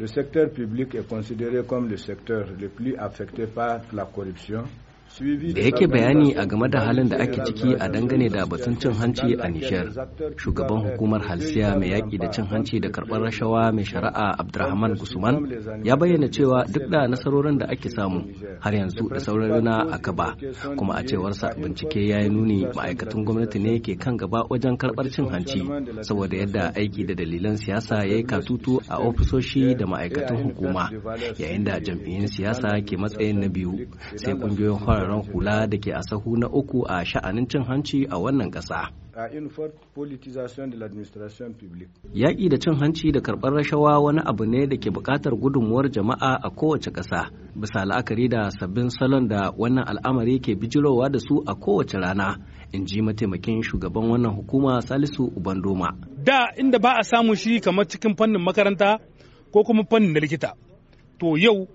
Le secteur public est considéré comme le secteur le plus affecté par la corruption da yake bayani a game da halin da ake ciki a dangane da batun cin hanci a nishar shugaban hukumar halsiya mai yaƙi da cin hanci da karɓar rashawa mai shari'a Abdulrahman gusman ya bayyana cewa duk da nasarorin da ake samu har yanzu da sauran rana a kaba kuma a cewarsa bincike ya yi nuni ma'aikatan gwamnati ne ke kan gaba wajen karɓar cin hanci saboda yadda aiki da dalilan siyasa ya yi katutu a ofisoshi da ma'aikatan hukuma yayin da jam'iyyun siyasa ke matsayin na biyu sai ƙungiyoyin wuraren hula da ke a sahu na uku a sha'anin cin hanci a wannan ƙasa. Yaƙi da cin hanci da karɓar rashawa wani abu ne da ke buƙatar gudunmuwar jama'a a kowace ƙasa, bisa la'akari da sabbin salon da wannan al'amari ke bijirowa da su a kowace rana, in ji mataimakin shugaban wannan hukuma Salisu Ubandoma. Da inda ba a samun shi kamar cikin fannin makaranta ko kuma fannin likita, to yau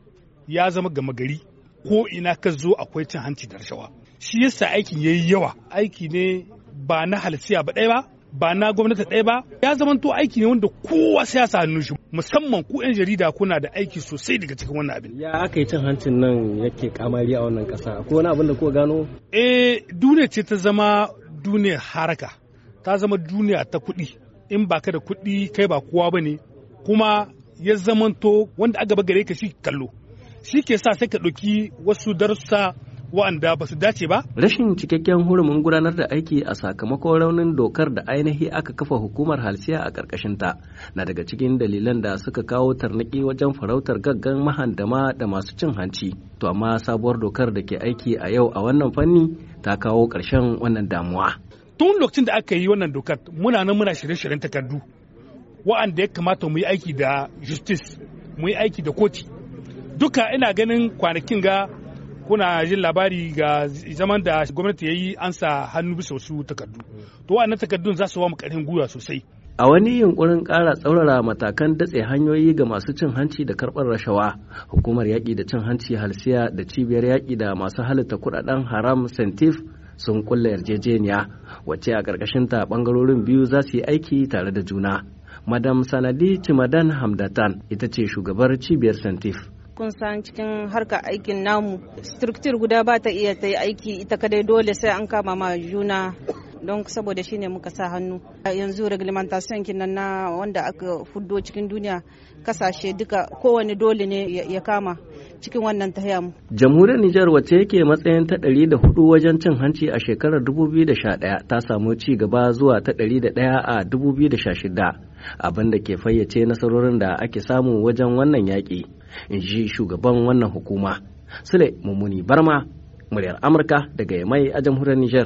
ya zama gama gari. ko ina ka zo akwai cin hanci da rashawa shi yasa aikin yayi yawa aiki ne ba na halsiya ba ɗaya ba ba na gwamnati ɗaya ba ya zamanto aiki ne wanda kowa sai ya sa shi musamman ku 'yan jarida kuna da aiki sosai daga cikin wannan abin ya aka yi cin hancin nan yake kamari a wannan kasa ko wani abin da ku gano eh duniya ce ta zama duniyar haraka ta zama duniya ta kuɗi in ba ka da kuɗi kai ba kowa ba ne kuma ya zamanto wanda aka gare ka shi kallo shi ke sa sai ka ɗauki wasu darussa wa'anda ba su dace ba? Rashin cikakken hurumin gudanar da aiki a sakamakon raunin dokar da ainihi aka kafa hukumar halsiya a ƙarƙashinta na daga cikin dalilan da suka kawo tarnaki wajen farautar gaggan mahandama da masu cin hanci. To amma sabuwar dokar da ke aiki a yau a wannan fanni ta kawo ƙarshen wannan damuwa. Tun lokacin da aka yi wannan dokar muna nan muna shirye-shiryen takardu wa'anda ya kamata mu yi aiki da justice mu yi aiki da koti duka ina ganin kwanakin ga kuna jin labari ga zaman da gwamnati ya yi an hannu bisa wasu takardu to na takardun za su wa mu ƙarfin gwiwa sosai a wani yunkurin ƙara tsaurara matakan datse hanyoyi ga masu cin hanci da karɓar rashawa hukumar yaƙi da cin hanci halsiya da cibiyar yaƙi da masu halitta kuɗaɗen haram sentif sun kulla yarjejeniya wacce a ƙarƙashinta ɓangarorin biyu za su yi aiki tare da juna madam sanadi cimadan hamdatan ita ce shugabar cibiyar sentif kun san cikin harka aikin namu structure guda ba ta iya ta yi aiki ita kadai dole sai an kama ma juna don saboda shi ne muka sa hannu yanzu reglementation kinan na wanda aka fuddo cikin duniya kasashe duka kowane dole ne ya kama cikin wannan ta mu. jamhuriyar nijar wacce yake matsayin ta ɗari da wajen cin hanci a shekarar 2011 ta samu ci gaba zuwa ta ɗari a 2016 abin da ke fayyace nasarorin da ake samu wajen wannan yaƙi in ji shugaban wannan hukuma sule mummuni barma muryar amurka daga yamai a jamhuriyar niger